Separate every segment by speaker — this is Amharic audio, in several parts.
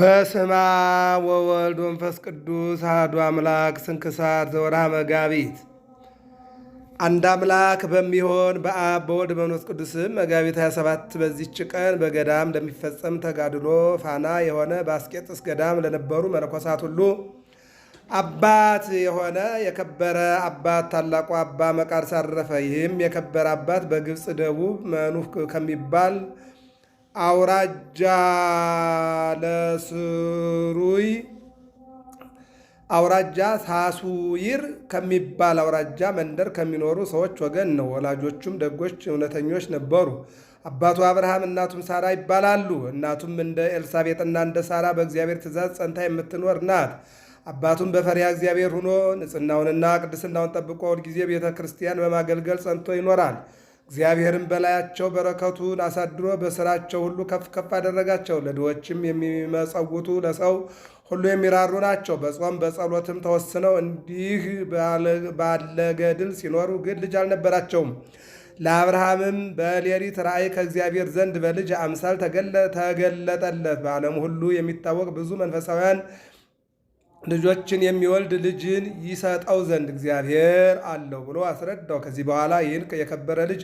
Speaker 1: በስማ ወወልድ መንፈስ ቅዱስ አሐዱ አምላክ ስንክሳር ዘወርሃ መጋቢት። አንድ አምላክ በሚሆን በአብ በወልድ በመንፈስ ቅዱስም መጋቢት 27 በዚች ቀን በገዳም ለሚፈጸም ተጋድሎ ፋና የሆነ በአስቄጥስ ገዳም ለነበሩ መነኮሳት ሁሉ አባት የሆነ የከበረ አባት ታላቁ አባ መቃርስ አረፈ። ይህም የከበረ አባት በግብፅ ደቡብ መኑፍ ከሚባል አውራጃ ለስሩይ አውራጃ ሳሱይር ከሚባል አውራጃ መንደር ከሚኖሩ ሰዎች ወገን ነው። ወላጆቹም ደጎች እውነተኞች ነበሩ። አባቱ አብርሃም እናቱም ሳራ ይባላሉ። እናቱም እንደ ኤልሳቤጥና እንደ ሳራ በእግዚአብሔር ትእዛዝ ጸንታ የምትኖር ናት። አባቱም በፈሪያ እግዚአብሔር ሆኖ ንጽህናውንና ቅድስናውን ጠብቆ ሁልጊዜ ቤተ ክርስቲያን በማገልገል ጸንቶ ይኖራል። እግዚአብሔርም በላያቸው በረከቱን አሳድሮ በሥራቸው ሁሉ ከፍ ከፍ አደረጋቸው። ለድሆችም የሚመጸውቱ ለሰው ሁሉ የሚራሩ ናቸው። በጾም በጸሎትም ተወስነው እንዲህ ባለ ገድል ሲኖሩ ግን ልጅ አልነበራቸውም። ለአብርሃምም በሌሊት ራእይ ከእግዚአብሔር ዘንድ በልጅ አምሳል ተገለጠለት። በዓለም ሁሉ የሚታወቅ ብዙ መንፈሳውያን ልጆችን የሚወልድ ልጅን ይሰጠው ዘንድ እግዚአብሔር አለው ብሎ አስረዳው። ከዚህ በኋላ ይህን የከበረ ልጅ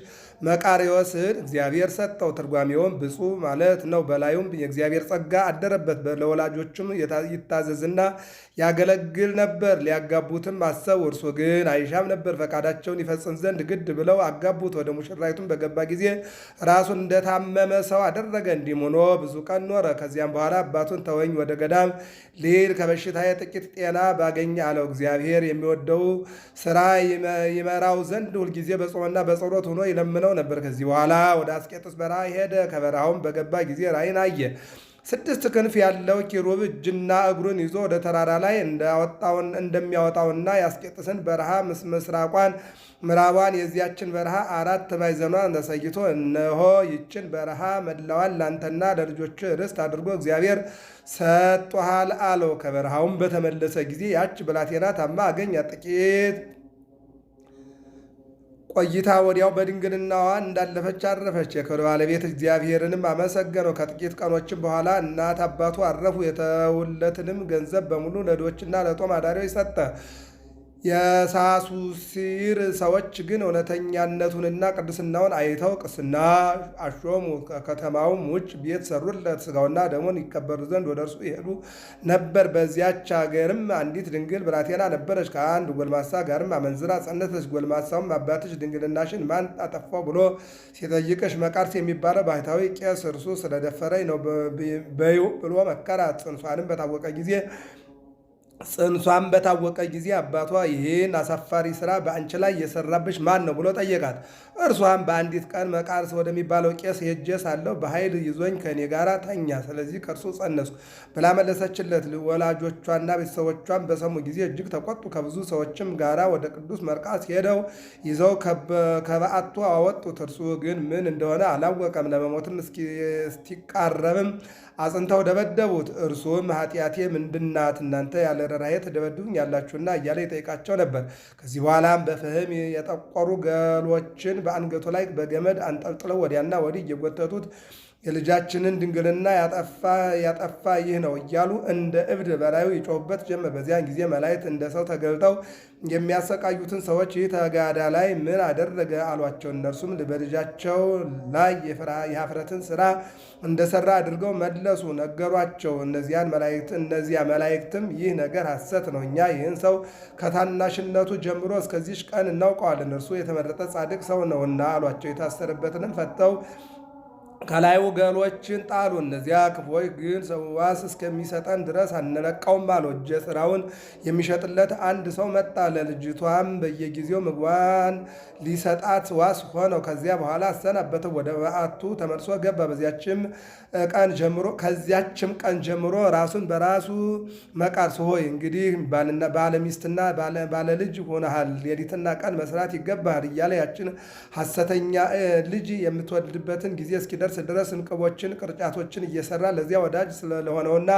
Speaker 1: መቃሪዎስን እግዚአብሔር ሰጠው። ትርጓሜውም ብፁዕ ማለት ነው። በላዩም የእግዚአብሔር ጸጋ አደረበት። ለወላጆችም ይታዘዝና ያገለግል ነበር። ሊያጋቡትም አሰቡ። እርሱ ግን አይሻም ነበር። ፈቃዳቸውን ይፈጽም ዘንድ ግድ ብለው አጋቡት። ወደ ሙሽራይቱም በገባ ጊዜ ራሱን እንደታመመ ሰው አደረገ። እንዲም ሆኖ ብዙ ቀን ኖረ። ከዚያም በኋላ አባቱን ተወኝ ወደ ገዳም ሊል ከበሽታ ጥቂት ጤና ባገኘ አለው። እግዚአብሔር የሚወደው ስራ ይመራው ዘንድ ሁልጊዜ በጾምና በጸሎት ሆኖ ይለምነው ነበር። ከዚህ በኋላ ወደ አስቄጥስ በረሃ ሄደ። ከበረሃውም በገባ ጊዜ ራእይን አየ። ስድስት ክንፍ ያለው ኪሩብ እጅና እግሩን ይዞ ወደ ተራራ ላይ እንዳወጣውን እንደሚያወጣውና የአስቄጥስን በረሃ ምስራቋን ምዕራቧን የዚያችን በረሃ አራት ማዕዘኗን ተሰይቶ እነሆ ይችን በረሃ መላዋን ላንተና ለልጆች ርስት አድርጎ እግዚአብሔር ሰጥቶሃል አለው። ከበረሃውም በተመለሰ ጊዜ ያች ብላቴና ታማ አገኛ ጥቂት ቆይታ ወዲያው በድንግልናዋ እንዳለፈች አረፈች። የክብር ባለቤት እግዚአብሔርንም አመሰገነው። ከጥቂት ቀኖችም በኋላ እናት አባቱ አረፉ። የተውለትንም ገንዘብ በሙሉ ለድሆችና ለጦም አዳሪዎች ሰጠ። የሳሱሲር ሰዎች ግን እውነተኛነቱንና ቅድስናውን አይተው ቅስና አሾሙ። ከከተማውም ውጭ ቤት ሰሩለት፣ ስጋውና ደሞን ይከበሩ ዘንድ ወደ እርሱ ይሄዱ ነበር። በዚያች ሀገርም አንዲት ድንግል ብላቴና ነበረች። ከአንድ ጎልማሳ ጋርም አመንዝራ ጸነተች። ጎልማሳውም አባትሽ ድንግልናሽን ማን አጠፋው ብሎ ሲጠይቅሽ መቃርስ የሚባለው ባህታዊ ቄስ እርሱ ስለደፈረኝ ነው በይው ብሎ መከራት። ጽንሷንም በታወቀ ጊዜ ጽንሷን በታወቀ ጊዜ አባቷ ይህን አሳፋሪ ስራ በአንቺ ላይ የሰራብሽ ማን ነው ብሎ ጠየቃት። እርሷም በአንዲት ቀን መቃርስ ወደሚባለው ቄስ ሄጄ ሳለሁ በኃይል ይዞኝ ከእኔ ጋር ተኛ፣ ስለዚህ ከእርሱ ጸነስኩ ብላ መለሰችለት። ወላጆቿና ቤተሰቦቿን በሰሙ ጊዜ እጅግ ተቆጡ። ከብዙ ሰዎችም ጋራ ወደ ቅዱስ መርቃስ ሄደው ይዘው ከበዓቱ አወጡት። እርሱ ግን ምን እንደሆነ አላወቀም። ለመሞትም እስቲቃረብም አጽንተው ደበደቡት። እርሱም ኃጢአቴ ምንድናት? እናንተ ያለ ርኅራኄ ትደበድቡኛላችሁና እያለ ይጠይቃቸው ነበር። ከዚህ በኋላም በፍህም የጠቆሩ ገሎችን በአንገቱ ላይ በገመድ አንጠልጥለው ወዲያና ወዲህ እየጎተቱት የልጃችንን ድንግልና ያጠፋ ይህ ነው እያሉ እንደ እብድ በላዩ ይጮሁበት ጀመር። በዚያን ጊዜ መላእክት እንደ ሰው ተገልጠው የሚያሰቃዩትን ሰዎች ይህ ተጋዳ ላይ ምን አደረገ አሏቸው። እነርሱም በልጃቸው ላይ የሀፍረትን ስራ እንደሰራ አድርገው መለሱ ነገሯቸው። እነዚያን መላእክት እነዚያ መላእክትም ይህ ነገር ሐሰት ነው፣ እኛ ይህን ሰው ከታናሽነቱ ጀምሮ እስከዚች ቀን እናውቀዋለን፣ እርሱ የተመረጠ ጻድቅ ሰው ነውና አሏቸው። የታሰረበትንም ፈተው ከላይ ወገኖችን ጣሉ። እነዚያ ክፎች ግን ዋስ እስከሚሰጠን ድረስ አንለቀውም አሉ። እጀ ስራውን የሚሸጥለት አንድ ሰው መጣ። ለልጅቷም በየጊዜው ምግቧን ሊሰጣት ዋስ ሆነው ከዚያ በኋላ አሰናበተው። ወደ በዓቱ ተመልሶ ገባ። በዚያችም ቀን ጀምሮ ከዚያችም ቀን ጀምሮ ራሱን በራሱ መቃርስ ሆይ እንግዲህ ባለሚስትና ባለልጅ ሆነሃል፣ ሌሊትና ቀን መስራት ይገባሃል እያለ ያችን ሐሰተኛ ልጅ የምትወልድበትን ጊዜ እስኪደርስ ድረስ እንቅቦችን፣ ቅርጫቶችን እየሰራ ለዚያ ወዳጅ ስለሆነውና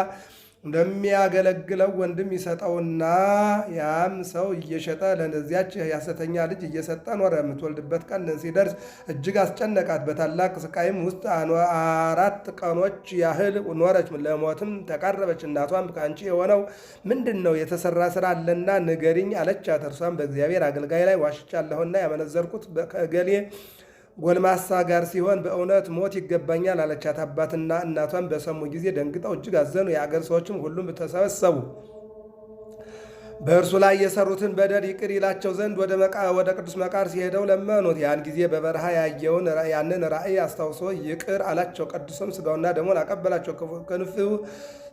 Speaker 1: እንደሚያገለግለው ወንድም ይሰጠውና ያም ሰው እየሸጠ ለነዚያች የሐሰተኛ ልጅ እየሰጠ ኖረ። የምትወልድበት ቀን ሲደርስ እጅግ አስጨነቃት። በታላቅ ስቃይም ውስጥ አራት ቀኖች ያህል ኖረች። ለሞትም ተቃረበች። እናቷም ከአንቺ የሆነው ምንድን ነው? የተሰራ ስራ አለና ንገሪኝ አለቻት። እርሷም በእግዚአብሔር አገልጋይ ላይ ዋሽቻለሁና ያመነዘርኩት ከገሌ ጎልማሳ ጋር ሲሆን በእውነት ሞት ይገባኛል አለቻት። አባትና እናቷን በሰሙ ጊዜ ደንግጠው እጅግ አዘኑ። የአገር ሰዎችም ሁሉም ተሰበሰቡ። በእርሱ ላይ የሰሩትን በደል ይቅር ይላቸው ዘንድ ወደ ቅዱስ መቃርስ ሄደው ለመኑት። ያን ጊዜ በበረሃ ያየውን ያንን ራእይ አስታውሶ ይቅር አላቸው። ቅዱስም ስጋውና ደሞን አቀበላቸው። ክንፍ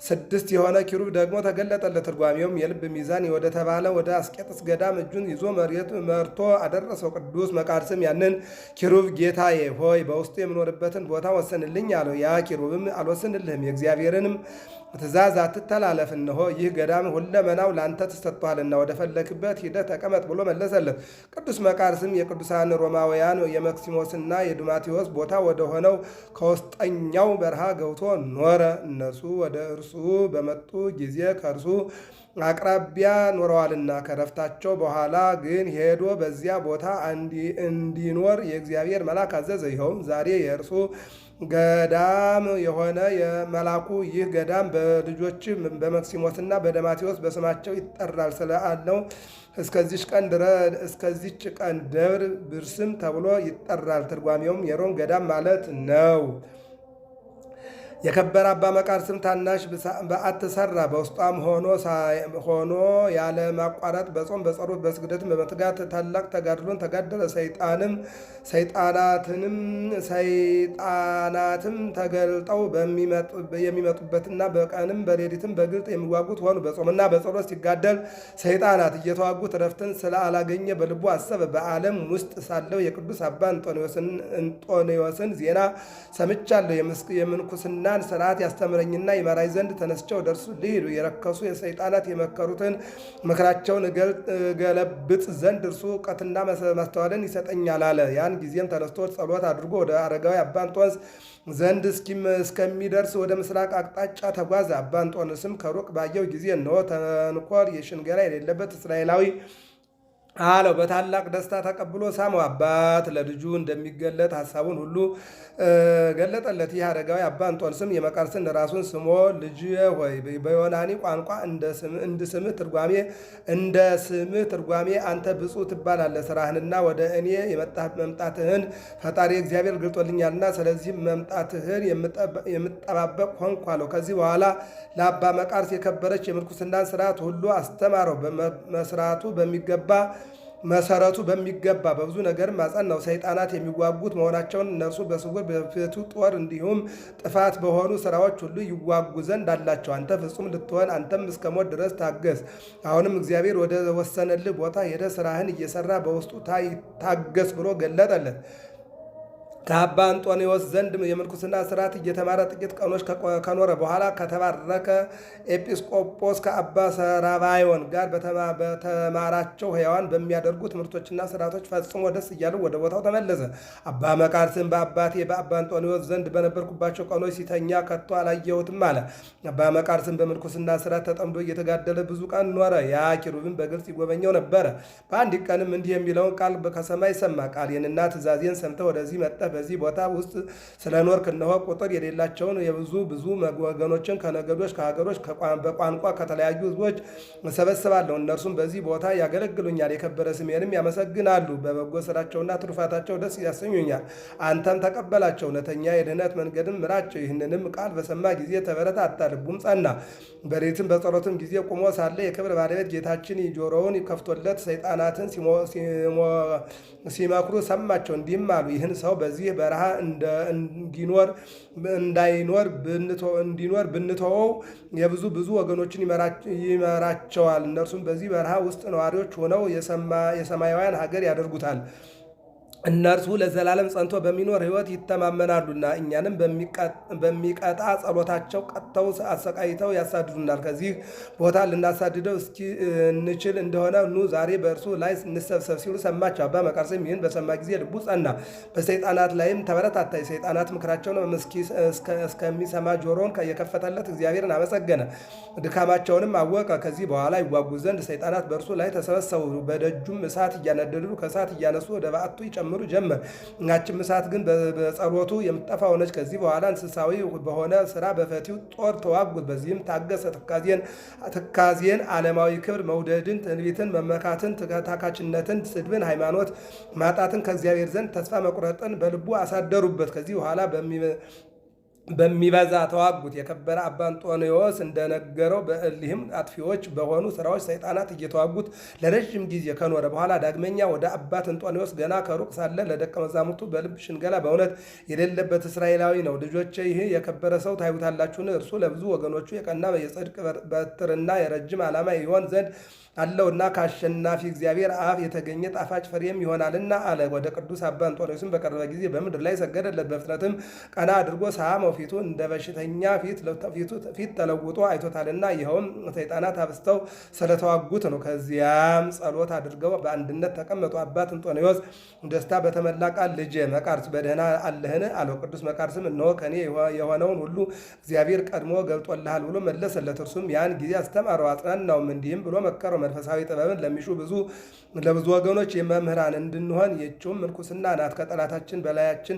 Speaker 1: ስድስት የሆነ ኪሩብ ደግሞ ተገለጠለት። ትርጓሜውም የልብ ሚዛን ወደ ተባለ ወደ አስቄጥስ ገዳም እጁን ይዞ መሬት መርቶ አደረሰው። ቅዱስ መቃርስም ያንን ኪሩብ ጌታዬ ሆይ በውስጡ የምኖርበትን ቦታ ወሰንልኝ አለው። ያ ኪሩብም አልወስንልህም የእግዚአብሔርንም ትእዛዝ አትተላለፍ፣ እነሆ ይህ ገዳም ሁለመናው ላንተ ተሰጥቷልና ወደ ፈለክበት ሂደህ ተቀመጥ ብሎ መለሰለት። ቅዱስ መቃርስም የቅዱሳን ሮማውያን የመክሲሞስና የዱማቴዎስ ቦታ ወደሆነው ከውስጠኛው በረሃ ገብቶ ኖረ። እነሱ ወደ እርሱ በመጡ ጊዜ ከእርሱ አቅራቢያ ኖረዋልና ከረፍታቸው በኋላ ግን ሄዶ በዚያ ቦታ እንዲኖር የእግዚአብሔር መልአክ አዘዘ። ይኸውም ዛሬ የእርሱ ገዳም የሆነ የመላኩ ይህ ገዳም በልጆች በመክሲሞስና በደማቴዎስ በስማቸው ይጠራል ስለአለው እስከዚች ቀን ድረ እስከዚች ቀን ደብር ብርስም ተብሎ ይጠራል። ትርጓሜውም የሮም ገዳም ማለት ነው። የከበረ አባ መቃርስም ታናሽ በዓት ሰራ። በውስጧም ሆኖ ያለ ማቋረጥ በጾም በጸሎት በስግደትም በመትጋት ታላቅ ተጋድሎን ተጋደለ። ሰይጣንም ሰይጣናትንም ሰይጣናትም ተገልጠው የሚመጡበትና በቀንም በሌሊትም በግልጥ የሚዋጉት ሆኑ። በጾምና በጸሎት ሲጋደል ሰይጣናት እየተዋጉት ረፍትን ስለ አላገኘ በልቡ አሰበ። በዓለም ውስጥ ሳለው የቅዱስ አባ እንጦንዮስን ዜና ሰምቻለሁ የምንኩስና የቅድስናን ስርዓት ያስተምረኝና ይመራኝ ዘንድ ተነስቸው ደርሱ ሊሄዱ የረከሱ የሰይጣናት የመከሩትን ምክራቸውን ገለብጥ ዘንድ እርሱ እውቀትና ማስተዋልን ይሰጠኛል አለ። ያን ጊዜም ተነስቶ ጸሎት አድርጎ ወደ አረጋዊ አባ ዘንድ እስከሚደርስ ወደ ምስራቅ አቅጣጫ ተጓዘ። አባንጦንስም ከሩቅ ባየው ጊዜ እነሆ ተንኮል፣ የሽንገላ የሌለበት እስራኤላዊ አለው በታላቅ ደስታ ተቀብሎ ሳመው። አባት ለልጁ እንደሚገለጥ ሀሳቡን ሁሉ ገለጠለት። ይህ አረጋዊ አባ እንጦንስም የመቃርስን ራሱን ስሞ ልጅ ሆይ በዮናኒ ቋንቋ እንድስምህ ትርጓሜ እንደ ስምህ ትርጓሜ አንተ ብፁዕ ትባላለህ። ስራህንና ወደ እኔ መምጣትህን ፈጣሪ እግዚአብሔር ገልጦልኛልና ስለዚህ መምጣትህን የምጠባበቅ ሆንኩ አለው። ከዚህ በኋላ ለአባ መቃርስ የከበረች የምንኩስናን ስርዓት ሁሉ አስተማረው። መስራቱ በሚገባ መሰረቱ በሚገባ በብዙ ነገር ማጸናው ሰይጣናት የሚዋጉት መሆናቸውን እነርሱ በስውር በፊቱ ጦር እንዲሁም ጥፋት በሆኑ ስራዎች ሁሉ ይዋጉ ዘንድ አላቸው። አንተ ፍጹም ልትሆን አንተም እስከ ሞት ድረስ ታገስ። አሁንም እግዚአብሔር ወደ ወሰነልህ ቦታ ሄደ ስራህን እየሰራ በውስጡ ታገስ ብሎ ገለጠለት። ከአባ አንጦኒዎስ ዘንድ የምንኩስና ስርዓት እየተማረ ጥቂት ቀኖች ከኖረ በኋላ ከተባረከ ኤጲስቆጶስ ከአባ ሰራባዮን ጋር በተማራቸው ሕያዋን በሚያደርጉ ትምህርቶችና ስርዓቶች ፈጽሞ ደስ እያሉ ወደ ቦታው ተመለሰ። አባ መቃርስን በአባቴ በአባ አንጦኒዎስ ዘንድ በነበርኩባቸው ቀኖች ሲተኛ ከቶ አላየሁትም አለ። አባ መቃርስን በምንኩስና ስርዓት ተጠምዶ እየተጋደለ ብዙ ቀን ኖረ። ያ ኪሩብን በግልጽ ይጎበኘው ነበረ። በአንድ ቀንም እንዲህ የሚለውን ቃል ከሰማይ ሰማ። ቃሌንና ትእዛዜን ሰምተ ወደዚህ መጠ በዚህ ቦታ ውስጥ ስለኖርክ እነሆ ቁጥር የሌላቸውን የብዙ ብዙ ወገኖችን ከነገዶች፣ ከሀገሮች፣ በቋንቋ ከተለያዩ ህዝቦች እሰበስባለሁ። እነርሱም በዚህ ቦታ ያገለግሉኛል፣ የከበረ ስሜንም ያመሰግናሉ። በበጎ ስራቸውና ትሩፋታቸው ደስ ያሰኙኛል። አንተም ተቀበላቸው፣ እውነተኛ የድህነት መንገድም ምራቸው። ይህንንም ቃል በሰማ ጊዜ ተበረታታ፣ ልቡም ጸና። በሌሊትም በጸሎትም ጊዜ ቁሞ ሳለ የክብር ባለቤት ጌታችን ጆሮውን ከፍቶለት ሰይጣናትን ሲመክሩ ሰማቸው። እንዲህም አሉ፣ ይህን ሰው በዚህ በዚህ በረሃ እንዲኖር እንዳይኖር እንዲኖር ብንተወው የብዙ ብዙ ወገኖችን ይመራቸዋል። እነርሱም በዚህ በረሃ ውስጥ ነዋሪዎች ሆነው የሰማያውያን ሀገር ያደርጉታል። እነርሱ ለዘላለም ጸንቶ በሚኖር ሕይወት ይተማመናሉና እኛንም በሚቀጣ ጸሎታቸው ቀጥተው አሰቃይተው ያሳድዱናል። ከዚህ ቦታ ልናሳድደው እስኪ እንችል እንደሆነ ኑ ዛሬ በእርሱ ላይ እንሰብሰብ ሲሉ ሰማቸው። አባ መቃርስም ይህን በሰማ ጊዜ ልቡ ጸና፣ በሰይጣናት ላይም ተበረታታ። የሰይጣናት ምክራቸውን እስከሚሰማ ጆሮን የከፈተለት እግዚአብሔርን አመሰገነ፣ ድካማቸውንም አወቀ። ከዚህ በኋላ ይዋጉ ዘንድ ሰይጣናት በእርሱ ላይ ተሰበሰቡ። በደጁም እሳት እያነደዱ ከእሳት እያነሱ ወደ በዓቱ ይጨምሩ ይኖሩ ጀመር። እኛችም እሳት ግን በጸሎቱ የምትጠፋ ሆነች። ከዚህ በኋላ እንስሳዊ በሆነ ስራ በፈቲው ጦር ተዋጉት። በዚህም ታገሰ። ትካዜን ዓለማዊ ክብር መውደድን፣ ትንቢትን፣ መመካትን፣ ታካችነትን፣ ስድብን፣ ሃይማኖት ማጣትን፣ ከእግዚአብሔር ዘንድ ተስፋ መቁረጥን በልቡ አሳደሩበት። ከዚህ በኋላ በሚበዛ ተዋጉት። የከበረ አባ አንጦንዮስ እንደነገረው በእሊህም አጥፊዎች በሆኑ ስራዎች ሰይጣናት እየተዋጉት ለረዥም ጊዜ ከኖረ በኋላ ዳግመኛ ወደ አባት አንጦኒዎስ ገና ከሩቅ ሳለ ለደቀ መዛሙርቱ በልብ ሽንገላ በእውነት የሌለበት እስራኤላዊ ነው። ልጆች ይህ የከበረ ሰው ታዩታላችሁን? እርሱ ለብዙ ወገኖቹ የቀና የጽድቅ በትርና የረጅም ዓላማ ይሆን ዘንድ አለውና ከአሸናፊ እግዚአብሔር አፍ የተገኘ ጣፋጭ ፍሬም ይሆናልና አለ። ወደ ቅዱስ አባ አንጦኒዎስም በቀረበ ጊዜ በምድር ላይ ሰገደለት። በፍጥነትም ቀና አድርጎ ሳመው። ፊቱ እንደ በሽተኛ ፊት ተለውጦ አይቶታልና፣ ይኸውም ሰይጣናት አብስተው ስለተዋጉት ነው። ከዚያም ጸሎት አድርገው በአንድነት ተቀመጡ። አባት እንጦንዮስ ደስታ በተመላ ቃል ልጄ መቃርስ በደህና አለህን አለው። ቅዱስ መቃርስም እነሆ ከኔ የሆነውን ሁሉ እግዚአብሔር ቀድሞ ገብጦልሃል ብሎ መለሰለት። እርሱም ያን ጊዜ አስተማረው አጽናናውም፣ እንዲህም ብሎ መከረው መንፈሳዊ ጥበብን ለሚሹ ብዙ ለብዙ ወገኖች የመምህራን እንድንሆን የችውም ምንኩስና ናት። ከጠላታችን በላያችን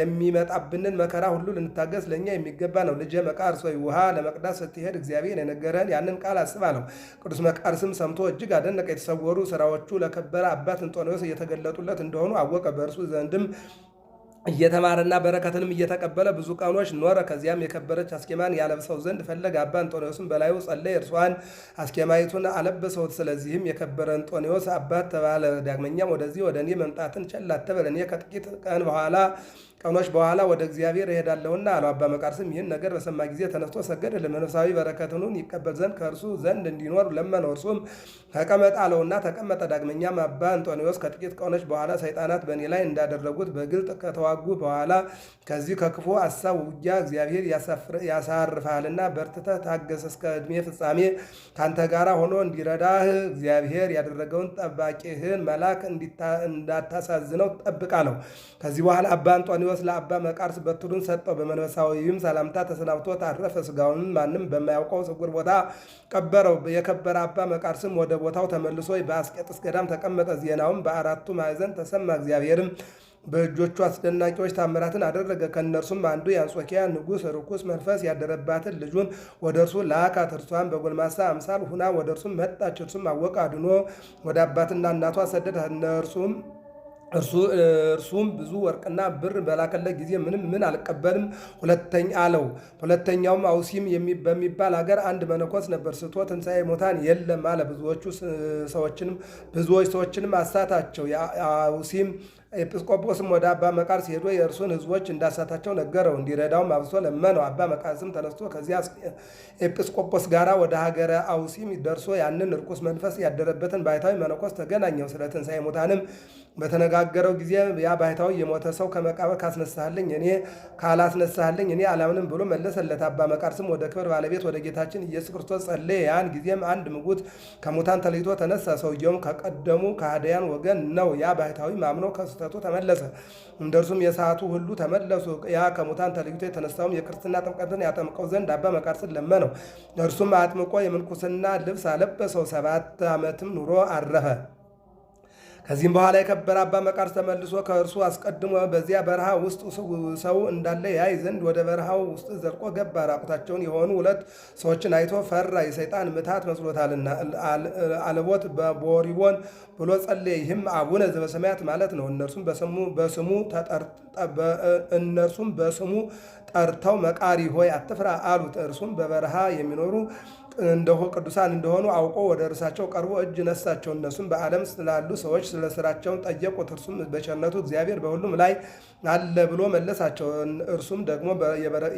Speaker 1: የሚመጣብንን መከራ ሁሉ ልንታገስ ለእኛ የሚገባ ነው። ልጄ መቃርስ ወይ ውሃ ለመቅዳት ስትሄድ እግዚአብሔር የነገረን ያንን ቃል አስባ ነው። ቅዱስ መቃርስም ሰምቶ እጅግ አደነቀ። የተሰወሩ ስራዎቹ ለከበረ አባት እንጦንዮስ እየተገለጡለት እንደሆኑ አወቀ። በእርሱ ዘንድም እየተማረና በረከትንም እየተቀበለ ብዙ ቀኖች ኖረ። ከዚያም የከበረች አስኬማን ያለብሰው ዘንድ ፈለገ። አባ እንጦንዮስም በላዩ ጸለየ፣ እርሷን አስኬማይቱን አለበሰውት። ስለዚህም የከበረ አንጦኒዎስ አባት ተባለ። ዳግመኛም ወደዚህ ወደ እኔ መምጣትን ቸል አትበል፣ እኔ ከጥቂት ቀን በኋላ ቀኖች በኋላ ወደ እግዚአብሔር እሄዳለሁና አለው። አባ መቃርስም ይህን ነገር በሰማ ጊዜ ተነስቶ ሰገደ። ለመንፈሳዊ በረከትኑን ይቀበል ዘንድ ከእርሱ ዘንድ እንዲኖር ለመነው። እርሱም ተቀመጥ አለውና ተቀመጠ። ዳግመኛም አባ አንጦኒዎስ ከጥቂት ቀኖች በኋላ ሰይጣናት በእኔ ላይ እንዳደረጉት በግልጥ ከተዋጉ በኋላ ከዚህ ከክፉ አሳብ ውጊያ እግዚአብሔር ያሳርፍሃልና በርትተህ ታገስ፣ እስከ ዕድሜ ፍጻሜ ካንተ ጋር ሆኖ እንዲረዳህ እግዚአብሔር ያደረገውን ጠባቂህን መልአክ እንዳታሳዝነው ጠብቃ ነው። ከዚህ በኋላ አባ አንጦኒዎስ ክርስቶስ ለአባ መቃርስ በትሩን ሰጠው። በመንፈሳዊም ሰላምታ ተሰናብቶ ታረፈ። ስጋውን ማንም በማያውቀው ጽጉር ቦታ ቀበረው። የከበረ አባ መቃርስም ወደ ቦታው ተመልሶ በአስቄጥስ ገዳም ተቀመጠ። ዜናውም በአራቱ ማዕዘን ተሰማ። እግዚአብሔርም በእጆቹ አስደናቂዎች ታምራትን አደረገ። ከእነርሱም አንዱ የአንጾኪያ ንጉሥ ርኩስ መንፈስ ያደረባትን ልጁን ወደ እርሱ ላካት። እርሷን በጎልማሳ አምሳል ሁና ወደ እርሱም መጣች። እርሱም አወቀ፣ አድኖ ወደ አባትና እናቷ ሰደድ። እነርሱም እርሱም ብዙ ወርቅና ብር በላከለ ጊዜ ምንም ምን አልቀበልም ሁለተኛ አለው። ሁለተኛውም አውሲም በሚባል ሀገር አንድ መነኮስ ነበር። ስቶ ትንሣኤ ሙታን የለም አለ። ብዙዎቹ ሰዎችንም ብዙዎች ሰዎችንም አሳታቸው። አውሲም ኤጲስቆጶስም ወደ አባ መቃርስ ሄዶ የእርሱን ሕዝቦች እንዳሳታቸው ነገረው። እንዲረዳውም አብሶ ለመነው። አባ መቃርስም ተነስቶ ከዚያ ኤጲስቆጶስ ጋር ወደ ሀገረ አውሲም ደርሶ ያንን እርቁስ መንፈስ ያደረበትን ባሕታዊ መነኮስ ተገናኘው። ስለ ትንሣኤ ሙታንም በተነጋገረው ጊዜ ያ ባሕታዊ የሞተ ሰው ከመቃብር ካስነሳልኝ እኔ ካላስነሳልኝ እኔ አላምንም ብሎ መለሰለት። አባ መቃርስም ወደ ክብር ባለቤት ወደ ጌታችን ኢየሱስ ክርስቶስ ጸለየ። ያን ጊዜም አንድ ምጉት ከሙታን ተለይቶ ተነሳ። ሰውየውም ከቀደሙ ከሃዲያን ወገን ነው። ያ ባሕታዊ ማምኖ ከስተ ርኩሰቱ ተመለሰ። እንደርሱም የሰዓቱ ሁሉ ተመለሱ። ያ ከሙታን ተለይቶ የተነሳውም የክርስትና ጥምቀትን ያጠምቀው ዘንድ አባ መቃርስን ለመነው። እርሱም አጥምቆ የምንኩስና ልብስ አለበሰው። ሰባት ዓመትም ኑሮ አረፈ። ከዚህም በኋላ የከበረ አባ መቃርስ ተመልሶ ከእርሱ አስቀድሞ በዚያ በረሃ ውስጥ ሰው እንዳለ ያይ ዘንድ ወደ በረሃው ውስጥ ዘልቆ ገባ። ራቁታቸውን የሆኑ ሁለት ሰዎችን አይቶ ፈራ፣ የሰይጣን ምታት መስሎታልና አልቦት በቦሪቦን ብሎ ጸለየ። ይህም አቡነ ዘበሰማያት ማለት ነው። እነርሱም በስሙ ጠርተው መቃሪ ሆይ አትፍራ አሉት። እርሱም በበረሃ የሚኖሩ እንደሆ ቅዱሳን እንደሆኑ አውቆ ወደ እርሳቸው ቀርቦ እጅ ነሳቸው። እነሱም በዓለም ስላሉ ሰዎች ስለ ስራቸውን ጠየቁት። እርሱም በቸርነቱ እግዚአብሔር በሁሉም ላይ አለ ብሎ መለሳቸው። እርሱም ደግሞ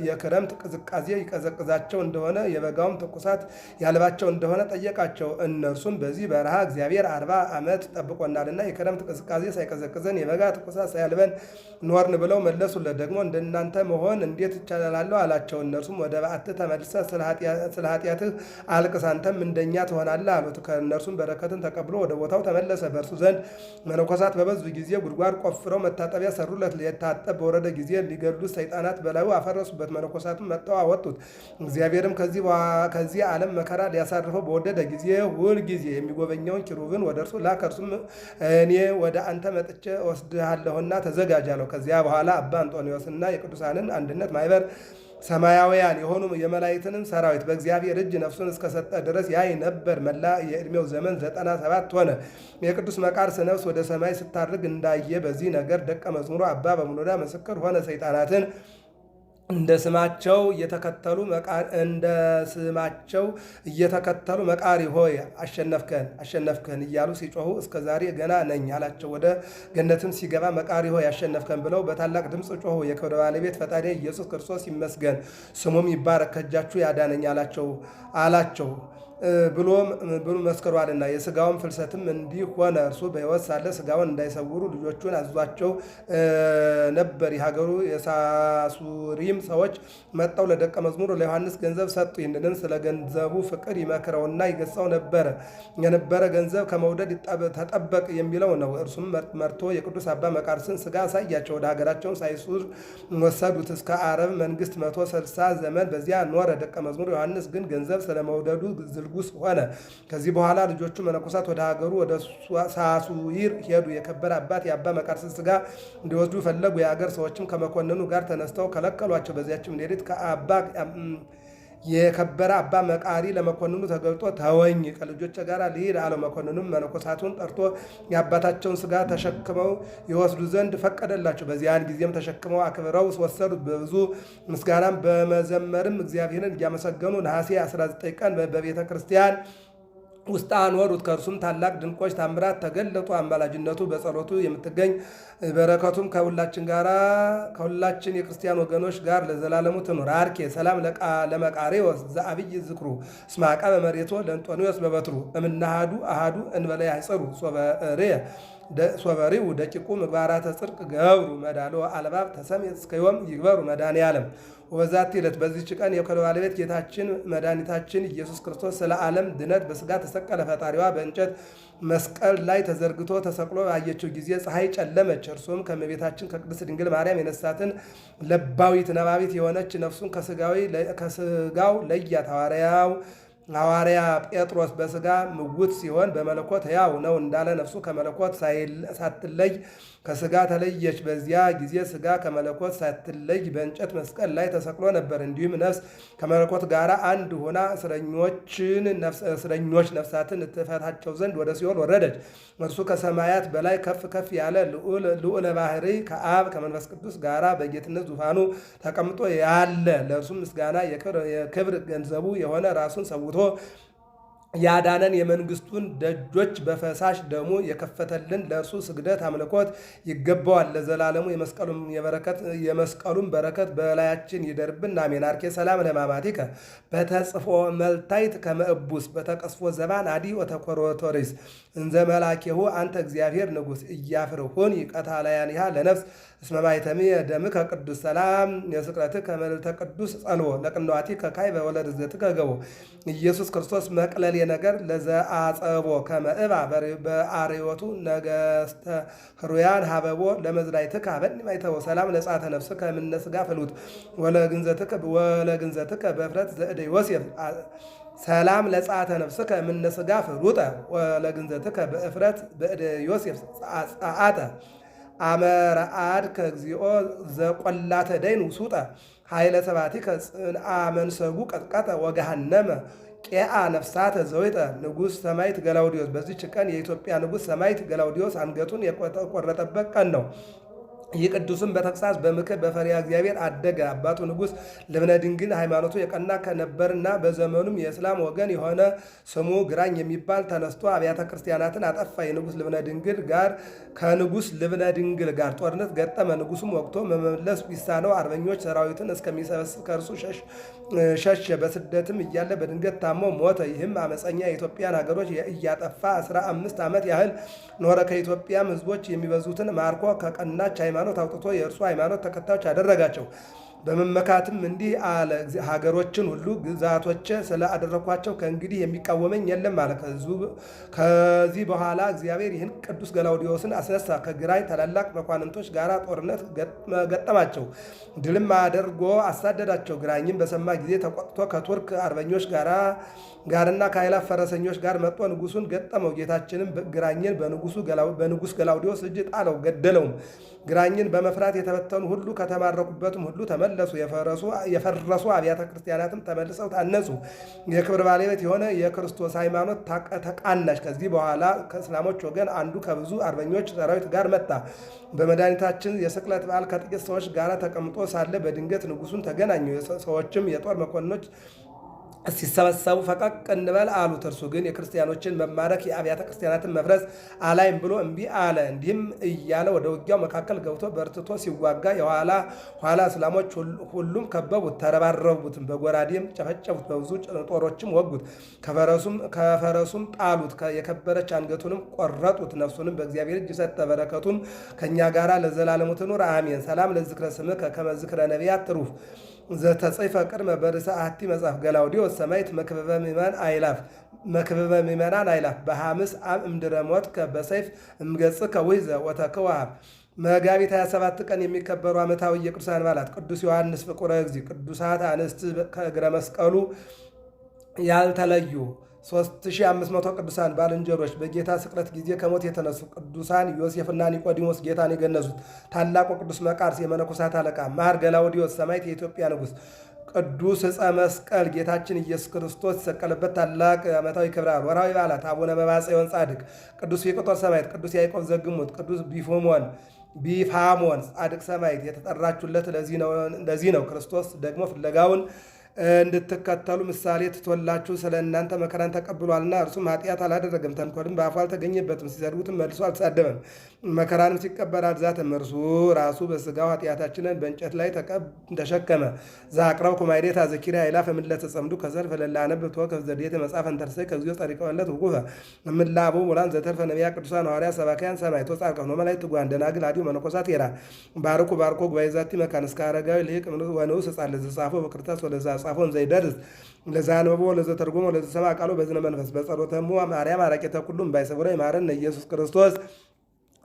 Speaker 1: የክረምት ቅዝቃዜ ይቀዘቅዛቸው እንደሆነ የበጋውም ትኩሳት ያልባቸው እንደሆነ ጠየቃቸው። እነርሱም በዚህ በረሃ እግዚአብሔር አርባ ዓመት ጠብቆናልና የክረምት ቅዝቃዜ ሳይቀዘቅዘን የበጋ ትኩሳት ሳያልበን ኖርን ብለው መለሱለት። ደግሞ እንደናንተ መሆን እንዴት ይቻላለሁ አላቸው። እነርሱም ወደ በዓትህ ተመልሰ ስለ ኃጢአትህ አልቅስ፣ አንተም እንደኛ ትሆናለህ አሉት። ከእነርሱም በረከትን ተቀብሎ ወደ ቦታው ተመለሰ። በእርሱ ዘንድ መነኮሳት በበዙ ጊዜ ጉድጓድ ቆፍረው መታጠቢያ ሰሩለት። የታጠ በወረደ ጊዜ ሊገሉ ሰይጣናት በላዩ አፈረሱበት፣ መነኮሳትም መጠው አወጡት። እግዚአብሔርም ከዚህ ዓለም መከራ ሊያሳርፈው በወደደ ጊዜ ሁል ጊዜ የሚጎበኘውን ኪሩብን ወደ እርሱ ላከ። እርሱም እኔ ወደ አንተ መጥቼ ወስድሃለሁና ተዘጋጃለሁ። ከዚያ በኋላ አባ አንጦኒዎስና የቅዱሳንን አንድነት ማይበር ሰማያውያን የሆኑ የመላእክትንም ሰራዊት በእግዚአብሔር እጅ ነፍሱን እስከሰጠ ድረስ ያይ ነበር። መላ የእድሜው ዘመን ዘጠና ሰባት ሆነ። የቅዱስ መቃርስ ነፍስ ወደ ሰማይ ስታርግ እንዳየ በዚህ ነገር ደቀ መዝሙሩ አባ በምኖዳ ምስክር ሆነ። ሰይጣናትን እንደ ስማቸው እየተከተሉ እንደ ስማቸው እየተከተሉ መቃሪ ሆይ አሸነፍከን አሸነፍከን እያሉ ሲጮሁ እስከ ዛሬ ገና ነኝ አላቸው። ወደ ገነትም ሲገባ መቃሪ ሆይ አሸነፍከን ብለው በታላቅ ድምፅ ጮሁ። የክብረ ባለቤት ፈጣሪ ኢየሱስ ክርስቶስ ይመስገን፣ ስሙም ይባረክ፣ ከእጃችሁ ያዳነኝ አላቸው አላቸው ብሎም ብሉ መስክሯልና የስጋውን ፍልሰትም እንዲህ ሆነ። እርሱ በሕይወት ሳለ ስጋውን እንዳይሰውሩ ልጆቹን አዟቸው ነበር። የሀገሩ የሳሱሪም ሰዎች መጣው ለደቀ መዝሙር ለዮሐንስ ገንዘብ ሰጡ። ይህንንም ስለ ገንዘቡ ፍቅር ይመክረውና ይገሳው ነበረ። የነበረ ገንዘብ ከመውደድ ተጠበቅ የሚለው ነው። እርሱም መርቶ የቅዱስ አባ መቃርስን ስጋ አሳያቸው። ወደ ሀገራቸውን ሳይሱር ወሰዱት። እስከ አረብ መንግስት መቶ ስልሳ ዘመን በዚያ ኖረ። ደቀ መዝሙር ዮሐንስ ግን ገንዘብ ስለመውደዱ ንጉሥ ሆነ። ከዚህ በኋላ ልጆቹ መነኮሳት ወደ ሀገሩ ወደ ሳሱይር ሄዱ። የከበረ አባት የአባ መቃርስን ስጋ እንዲወስዱ ፈለጉ። የአገር ሰዎችም ከመኮንኑ ጋር ተነስተው ከለቀሏቸው። በዚያችም ሌሊት ከአባ የከበረ አባ መቃሪ ለመኮንኑ ተገልጦ ተወኝ ከልጆች ጋር ልሂድ አለው። መኮንኑም መነኮሳቱን ጠርቶ የአባታቸውን ስጋ ተሸክመው ይወስዱ ዘንድ ፈቀደላቸው። በዚያን ጊዜም ተሸክመው አክብረው ወሰዱ። በብዙ ምስጋናም በመዘመርም እግዚአብሔርን እያመሰገኑ ነሐሴ 19 ቀን በቤተ ክርስቲያን ውስጥ አኖሩት። ከእርሱም ታላቅ ድንቆች ታምራት ተገለጡ። አማላጅነቱ በጸሎቱ የምትገኝ በረከቱም ከሁላችን ጋር ከሁላችን የክርስቲያን ወገኖች ጋር ለዘላለሙ ትኑር። አርኬ ሰላም ለመቃሬዎስ ዘአብይ ዝክሩ ስማቃ በመሬቶ ለእንጦንዮስ በበትሩ እምናሃዱ አሃዱ እንበላይ አይጸሩ ሶበሬየ ሶበሪው ደቂቁ ምግባራተ ጽድቅ ገብሩ መዳሎ አልባብ ተሰም እስከዮም ይግበሩ መዳን ያለም ወበዛት ይለት በዚች ቀን የክብር ባለቤት ጌታችን መድኃኒታችን ኢየሱስ ክርስቶስ ስለ ዓለም ድነት በስጋ ተሰቀለ። ፈጣሪዋ በእንጨት መስቀል ላይ ተዘርግቶ ተሰቅሎ ባየችው ጊዜ ፀሐይ ጨለመች። እርሱም ከእመቤታችን ከቅድስት ድንግል ማርያም የነሳትን ለባዊት ነባቢት የሆነች ነፍሱን ከስጋው ለያ ሐዋርያው ሐዋርያ ጴጥሮስ በስጋ ምውት ሲሆን በመለኮት ሕያው ነው እንዳለ ነፍሱ ከመለኮት ሳትለይ ከስጋ ተለየች። በዚያ ጊዜ ስጋ ከመለኮት ሳትለይ በእንጨት መስቀል ላይ ተሰቅሎ ነበር። እንዲሁም ነፍስ ከመለኮት ጋር አንድ ሆና እስረኞች ነፍሳትን ትፈታቸው ዘንድ ወደ ሲኦል ወረደች። እርሱ ከሰማያት በላይ ከፍ ከፍ ያለ ልዑለ ባህሪ ከአብ ከመንፈስ ቅዱስ ጋራ በጌትነት ዙፋኑ ተቀምጦ ያለ ለእርሱም ምስጋና የክብር ገንዘቡ የሆነ ራሱን ሰውቶ vou ያዳነን የመንግስቱን ደጆች በፈሳሽ ደሙ የከፈተልን ለእርሱ ስግደት አምልኮት ይገባዋል ለዘላለሙ። የመስቀሉን በረከት በላያችን ይደርብን። አሜን። አርኬ ሰላም ለማማቲከ በተጽፎ መልታይት ከመእቡስ በተቀስፎ ዘባን አዲ ወተኮሮቶሪስ እንዘመላኬሁ አንተ እግዚአብሔር ንጉሥ እያፍርሁን ይቀታላያን ይሃ ለነፍስ እስመማይተሚ ደም ከቅዱስ ሰላም የስቅረት ከመልተ ቅዱስ ጸልዎ ለቅንዋቲ ከካይ በወለድ ዘት ከገቦ ኢየሱስ ክርስቶስ መቅለል ነገር ለዘአጸቦ ከመእባ በአርዮቱ ነገስተ ህሩያን ሀበቦ ለመዝላዕትከ ሀበኒ ማይተቦ ሰላም ለጻተ ነፍስ ከምነስጋ ፍሉት ወለግንዘትከ ወለግንዘትከ በፍረት ዘእደ ዮሴፍ ሰላም ለጻተ ነፍስከ ምነስጋ ፍሩጠ ወለግንዘትከ በእፍረት በእደ ዮሴፍ ጸአተ አመረአድ ከግዚኦ ዘቆላተ ደይን ውሱጠ ኃይለ ሰባቲ ከጽንአ መንሰጉ ቀጥቀጠ ወገሃነመ ቄአ ነፍሳተ ዘዊጠ ንጉሥ ሰማይት ገላውዲዮስ። በዚች ቀን የኢትዮጵያ ንጉሥ ሰማይት ገላውዲዮስ አንገቱን የቆረጠበት ቀን ነው። ይህ ቅዱስም በተግሳጽ በምክር በፈሪያ እግዚአብሔር አደገ። አባቱ ንጉሥ ልብነ ድንግል ሃይማኖቱ የቀና ከነበርና በዘመኑም የእስላም ወገን የሆነ ስሙ ግራኝ የሚባል ተነስቶ አብያተ ክርስቲያናትን አጠፋ። የንጉሥ ልብነ ድንግል ጋር ከንጉሥ ልብነ ድንግል ጋር ጦርነት ገጠመ። ንጉሱም ወቅቶ መመለስ ቢሳነው አርበኞች ሰራዊትን እስከሚሰበስብ ከእርሱ ሸሸ። በስደትም እያለ በድንገት ታሞ ሞተ። ይህም አመፀኛ የኢትዮጵያን ሀገሮች እያጠፋ አስራ አምስት ዓመት ያህል ኖረ። ከኢትዮጵያም ህዝቦች የሚበዙትን ማርኮ ከቀናች ሃይማኖት ሃይማኖት አውጥቶ የእርሱ ሃይማኖት ተከታዮች አደረጋቸው። በመመካትም እንዲህ አለ፣ ሀገሮችን ሁሉ ግዛቶች ስለአደረኳቸው ከእንግዲህ የሚቃወመኝ የለም አለ። ከዚህ በኋላ እግዚአብሔር ይህን ቅዱስ ገላውዲዮስን አስነሳ። ከግራኝ ታላላቅ መኳንንቶች ጋር ጦርነት ገጠማቸው። ድልም አድርጎ አሳደዳቸው። ግራኝም በሰማ ጊዜ ተቆጥቶ ከቱርክ አርበኞች ጋር ጋርና ከኃይላት ፈረሰኞች ጋር መጥቶ ንጉሱን ገጠመው። ጌታችንም ግራኝን በንጉስ ገላውዲዮስ እጅ ጣለው፣ ገደለውም። ግራኝን በመፍራት የተበተኑ ሁሉ ከተማረኩበትም ሁሉ ተመለሱ። የፈረሱ አብያተ ክርስቲያናትም ተመልሰው ታነጹ። የክብር ባለቤት የሆነ የክርስቶስ ሃይማኖት ተቃናሽ። ከዚህ በኋላ ከእስላሞች ወገን አንዱ ከብዙ አርበኞች ሰራዊት ጋር መጣ። በመድኃኒታችን የስቅለት በዓል ከጥቂት ሰዎች ጋር ተቀምጦ ሳለ በድንገት ንጉሱን ተገናኘው። ሰዎችም የጦር መኮንኖች ሲሰበሰቡ ፈቀቅ እንበል አሉት። እርሱ ግን የክርስቲያኖችን መማረክ የአብያተ ክርስቲያናትን መፍረስ አላይም ብሎ እምቢ አለ። እንዲህም እያለ ወደ ውጊያው መካከል ገብቶ በርትቶ ሲዋጋ የኋላ ኋላ እስላሞች ሁሉም ከበቡት፣ ተረባረቡት በጎራዴም ጨፈጨፉት፣ በብዙ ጦሮችም ወጉት፣ ከፈረሱም ጣሉት፣ የከበረች አንገቱንም ቆረጡት። ነፍሱንም በእግዚአብሔር እጅ ሰጠ። በረከቱም ከእኛ ጋር ለዘላለሙ ትኑር አሜን። ሰላም ለዝክረ ስምከ ከመዝክረ ነቢያት ትሩፍ ዘተጽሕፈ ቅድመ በርእሰአቲ መጽሐፍ ገላውዴዎስ ሰማዕት መክበበ ምእመናን አይላፍ መክበበ ምእመናን አይላፍ በሐምስ አም እምድረሞትከ በሰይፍ እምገጽከ ውሕዘ ወተከወሃብ። መጋቢት 27 ቀን የሚከበሩ ዓመታዊ የቅዱሳን በዓላት ቅዱስ ዮሐንስ ፍቁረ እግዚእ፣ ቅዱሳት አንስት ከእግረ መስቀሉ ያልተለዩ 3500 ቅዱሳን ባልንጀሮች በጌታ ስቅለት ጊዜ ከሞት የተነሱ ቅዱሳን ዮሴፍና ኒቆዲሞስ ጌታን የገነዙት፣ ታላቁ ቅዱስ መቃርስ የመነኮሳት አለቃ፣ ማር ገላውዲዮስ ሰማዕት የኢትዮጵያ ንጉሥ፣ ቅዱስ ዕፀ መስቀል ጌታችን ኢየሱስ ክርስቶስ የሰቀለበት ታላቅ ዓመታዊ ክብረ በዓል። ወርሃዊ በዓላት አቡነ መባፀ የወን ጻድቅ፣ ቅዱስ ፊቅጦር ሰማዕት፣ ቅዱስ ያዕቆብ ዘግሙት፣ ቅዱስ ቢፎሞን ቢፋሞን ጻድቅ ሰማዕት የተጠራችሁለት ለዚህ ነው። ክርስቶስ ደግሞ ፍለጋውን እንድትከተሉ ምሳሌ ትቶላችሁ ስለ እናንተ መከራን ተቀብሏልና እርሱም ኃጢአት አላደረገም፣ ተንኮልም በአፉ አልተገኘበትም። ሲሰድቡትም መልሶ አልተሳደበም፣ መከራንም ሲቀበል አልዛተም። እርሱ ራሱ በስጋው ኃጢአታችንን በእንጨት ላይ ተሸከመ። ዛቅረው ኩማይዴት አዘኪሪ አይላ ፈምለተ ጸምዱ ከዘርፈ ለላነብቶ ከዘዴት መጽሐፍ እንተርሰይ ከዚዮ ጸሪቀለት ውቁፈ ምላቡ ሙላን ዘተርፈ ነቢያ ቅዱሳን ሐዋርያ ሰባካያን ሰማይ ሰማይቶ ጻድቃን ወመላእክት ትጓን ደናግል አዲሁ መነኮሳት የራ ባርኩ ባርኮ ጉባኤ ዛቲ መካን እስከ አረጋዊ ልሂቅ ወንዑስ ህጻን ለዘጻፎ በክርስቶስ ወለዛ መጽሐፎም ዘይደርስ ለዛንበቦ ለዘተርጉሞ ለዘሰማ ቃሎ በዝነ መንፈስ በጸሎተ በጸሎተሙ ማርያም አራቄተ ኩሉም ባይሰቡረ ይማረን ኢየሱስ ክርስቶስ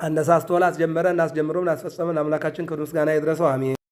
Speaker 1: አነሳስቶ ላስጀመረን እናስጀምሮም አስፈጸመን አምላካችን ክብር ምስጋና ይድረሰው አሜን።